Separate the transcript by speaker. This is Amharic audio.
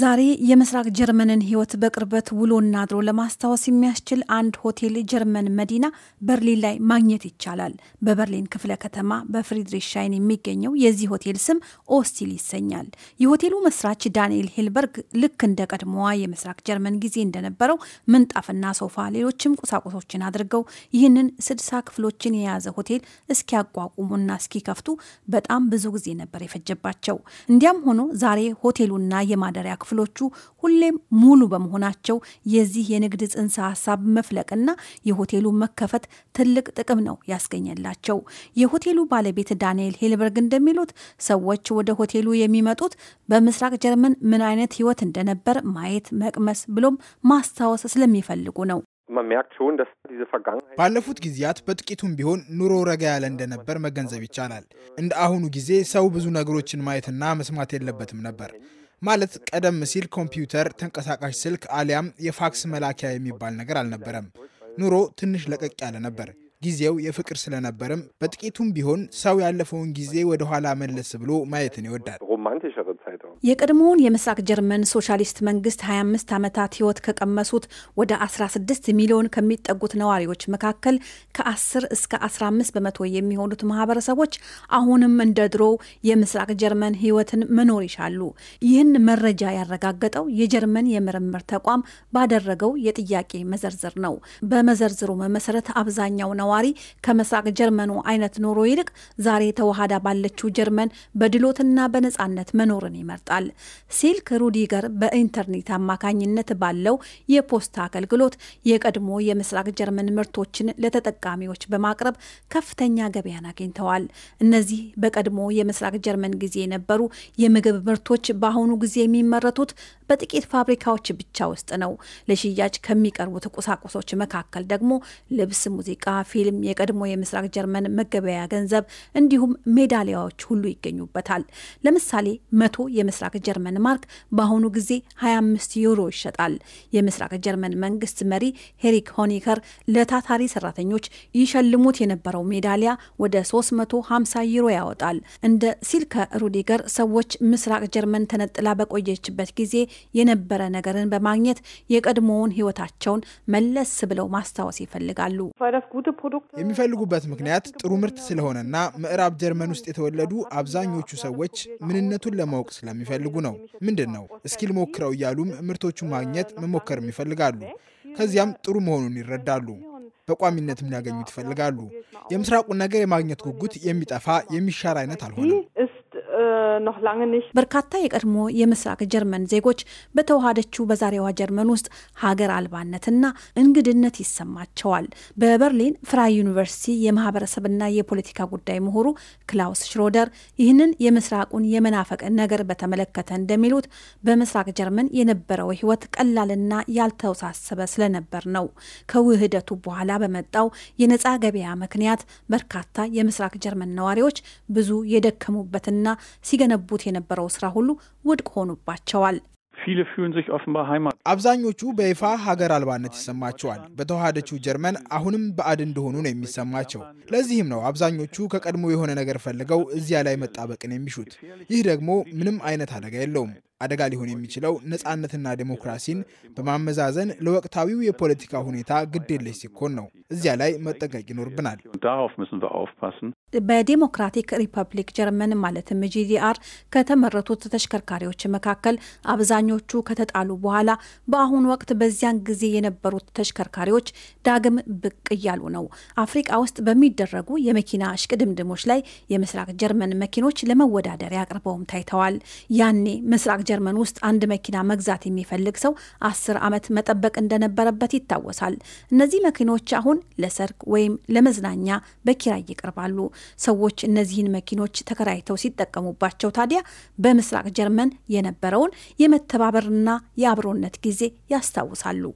Speaker 1: ዛሬ የምስራቅ ጀርመንን ህይወት በቅርበት ውሎና አድሮ ለማስታወስ የሚያስችል አንድ ሆቴል ጀርመን መዲና በርሊን ላይ ማግኘት ይቻላል። በበርሊን ክፍለ ከተማ በፍሪድሪሽ ሻይን የሚገኘው የዚህ ሆቴል ስም ኦስቲል ይሰኛል። የሆቴሉ መስራች ዳንኤል ሄልበርግ ልክ እንደ ቀድሞዋ የምስራቅ ጀርመን ጊዜ እንደነበረው ምንጣፍና ሶፋ፣ ሌሎችም ቁሳቁሶችን አድርገው ይህንን ስድሳ ክፍሎችን የያዘ ሆቴል እስኪያቋቁሙና እስኪከፍቱ በጣም ብዙ ጊዜ ነበር የፈጀባቸው። እንዲያም ሆኖ ዛሬ ሆቴሉና የማደሪያ ክፍሎቹ ሁሌም ሙሉ በመሆናቸው የዚህ የንግድ ጽንሰ ሀሳብ መፍለቅና የሆቴሉ መከፈት ትልቅ ጥቅም ነው ያስገኘላቸው። የሆቴሉ ባለቤት ዳንኤል ሄልበርግ እንደሚሉት ሰዎች ወደ ሆቴሉ የሚመጡት በምስራቅ ጀርመን ምን አይነት ህይወት እንደነበር ማየት፣ መቅመስ ብሎም ማስታወስ ስለሚፈልጉ ነው።
Speaker 2: ባለፉት ጊዜያት በጥቂቱም ቢሆን ኑሮ ረጋ ያለ እንደነበር መገንዘብ ይቻላል። እንደ አሁኑ ጊዜ ሰው ብዙ ነገሮችን ማየትና መስማት የለበትም ነበር። ማለት ቀደም ሲል ኮምፒውተር፣ ተንቀሳቃሽ ስልክ አሊያም የፋክስ መላኪያ የሚባል ነገር አልነበረም። ኑሮ ትንሽ ለቀቅ ያለ ነበር። ጊዜው የፍቅር ስለነበርም በጥቂቱም ቢሆን ሰው ያለፈውን ጊዜ ወደኋላ መለስ ብሎ ማየትን ይወዳል።
Speaker 1: የቀድሞውን የምስራቅ ጀርመን ሶሻሊስት መንግስት 25 ዓመታት ህይወት ከቀመሱት ወደ 16 ሚሊዮን ከሚጠጉት ነዋሪዎች መካከል ከ10 እስከ 15 በመቶ የሚሆኑት ማህበረሰቦች አሁንም እንደ ድሮ የምስራቅ ጀርመን ህይወትን መኖር ይሻሉ። ይህን መረጃ ያረጋገጠው የጀርመን የምርምር ተቋም ባደረገው የጥያቄ መዘርዝር ነው። በመዘርዝሩ መሰረት አብዛኛው ነዋ ነዋሪ ከመሳቅ ጀርመኑ አይነት ኑሮ ይልቅ ዛሬ ተዋህዳ ባለችው ጀርመን በድሎትና በነፃነት መኖርን ይመርጣል ሲልክ ሩዲገር በኢንተርኔት አማካኝነት ባለው የፖስታ አገልግሎት የቀድሞ የምስራቅ ጀርመን ምርቶችን ለተጠቃሚዎች በማቅረብ ከፍተኛ ገበያን አግኝተዋል። እነዚህ በቀድሞ የምስራቅ ጀርመን ጊዜ የነበሩ የምግብ ምርቶች በአሁኑ ጊዜ የሚመረቱት በጥቂት ፋብሪካዎች ብቻ ውስጥ ነው። ለሽያጭ ከሚቀርቡት ቁሳቁሶች መካከል ደግሞ ልብስ፣ ሙዚቃ፣ ፊልም፣ የቀድሞ የምስራቅ ጀርመን መገበያያ ገንዘብ እንዲሁም ሜዳሊያዎች ሁሉ ይገኙበታል። ለምሳሌ መቶ የምስራቅ ጀርመን ማርክ በአሁኑ ጊዜ 25 ዩሮ ይሸጣል። የምስራቅ ጀርመን መንግስት መሪ ሄሪክ ሆኒከር ለታታሪ ሰራተኞች ይሸልሙት የነበረው ሜዳሊያ ወደ 350 ዩሮ ያወጣል። እንደ ሲልከ ሩዲገር ሰዎች ምስራቅ ጀርመን ተነጥላ በቆየችበት ጊዜ የነበረ ነገርን በማግኘት የቀድሞውን ህይወታቸውን መለስ ብለው ማስታወስ ይፈልጋሉ።
Speaker 2: የሚፈልጉበት ምክንያት ጥሩ ምርት ስለሆነና ምዕራብ ጀርመን ውስጥ የተወለዱ አብዛኞቹ ሰዎች ምንነቱን ለማወቅ ስለሚፈልጉ ነው። ምንድን ነው እስኪ ልሞክረው እያሉም ምርቶቹን ማግኘት መሞከርም ይፈልጋሉ። ከዚያም ጥሩ መሆኑን ይረዳሉ። በቋሚነትም ሊያገኙት ይፈልጋሉ። የምስራቁን ነገር የማግኘት ጉጉት የሚጠፋ የሚሻር አይነት
Speaker 1: አልሆነም። በርካታ የቀድሞ የምስራቅ ጀርመን ዜጎች በተዋሃደችው በዛሬዋ ጀርመን ውስጥ ሀገር አልባነትና እንግድነት ይሰማቸዋል። በበርሊን ፍራይ ዩኒቨርሲቲ የማህበረሰብና የፖለቲካ ጉዳይ ምሁሩ ክላውስ ሽሮደር ይህንን የምስራቁን የመናፈቅ ነገር በተመለከተ እንደሚሉት በምስራቅ ጀርመን የነበረው ህይወት ቀላልና ያልተወሳሰበ ስለነበር ነው። ከውህደቱ በኋላ በመጣው የነፃ ገበያ ምክንያት በርካታ የምስራቅ ጀርመን ነዋሪዎች ብዙ የደከሙበትና ሲጋ ሲገነቡት የነበረው ስራ ሁሉ ውድቅ ሆኑባቸዋል።
Speaker 2: አብዛኞቹ በይፋ ሀገር አልባነት ይሰማቸዋል። በተዋሃደችው ጀርመን አሁንም በአድ እንደሆኑ ነው የሚሰማቸው። ለዚህም ነው አብዛኞቹ ከቀድሞ የሆነ ነገር ፈልገው እዚያ ላይ መጣበቅን የሚሹት። ይህ ደግሞ ምንም አይነት አደጋ የለውም። አደጋ ሊሆን የሚችለው ነፃነትና ዴሞክራሲን በማመዛዘን ለወቅታዊው የፖለቲካ ሁኔታ ግዴለሽ ሲኮን ነው። እዚያ ላይ መጠንቀቅ ይኖርብናል።
Speaker 1: በዴሞክራቲክ ሪፐብሊክ ጀርመን ማለትም ጂዲአር ከተመረቱት ተሽከርካሪዎች መካከል አብዛኞቹ ከተጣሉ በኋላ በአሁኑ ወቅት በዚያን ጊዜ የነበሩት ተሽከርካሪዎች ዳግም ብቅ እያሉ ነው። አፍሪቃ ውስጥ በሚደረጉ የመኪና እሽቅድምድሞች ላይ የምስራቅ ጀርመን መኪኖች ለመወዳደሪያ አቅርበውም ታይተዋል። ያኔ ምስራቅ ጀርመን ውስጥ አንድ መኪና መግዛት የሚፈልግ ሰው አስር ዓመት መጠበቅ እንደነበረበት ይታወሳል። እነዚህ መኪኖች አሁን ለሰርግ ወይም ለመዝናኛ በኪራይ ይቀርባሉ። ሰዎች እነዚህን መኪኖች ተከራይተው ሲጠቀሙባቸው ታዲያ በምስራቅ ጀርመን የነበረውን የመተባበርና የአብሮነት ጊዜ ያስታውሳሉ።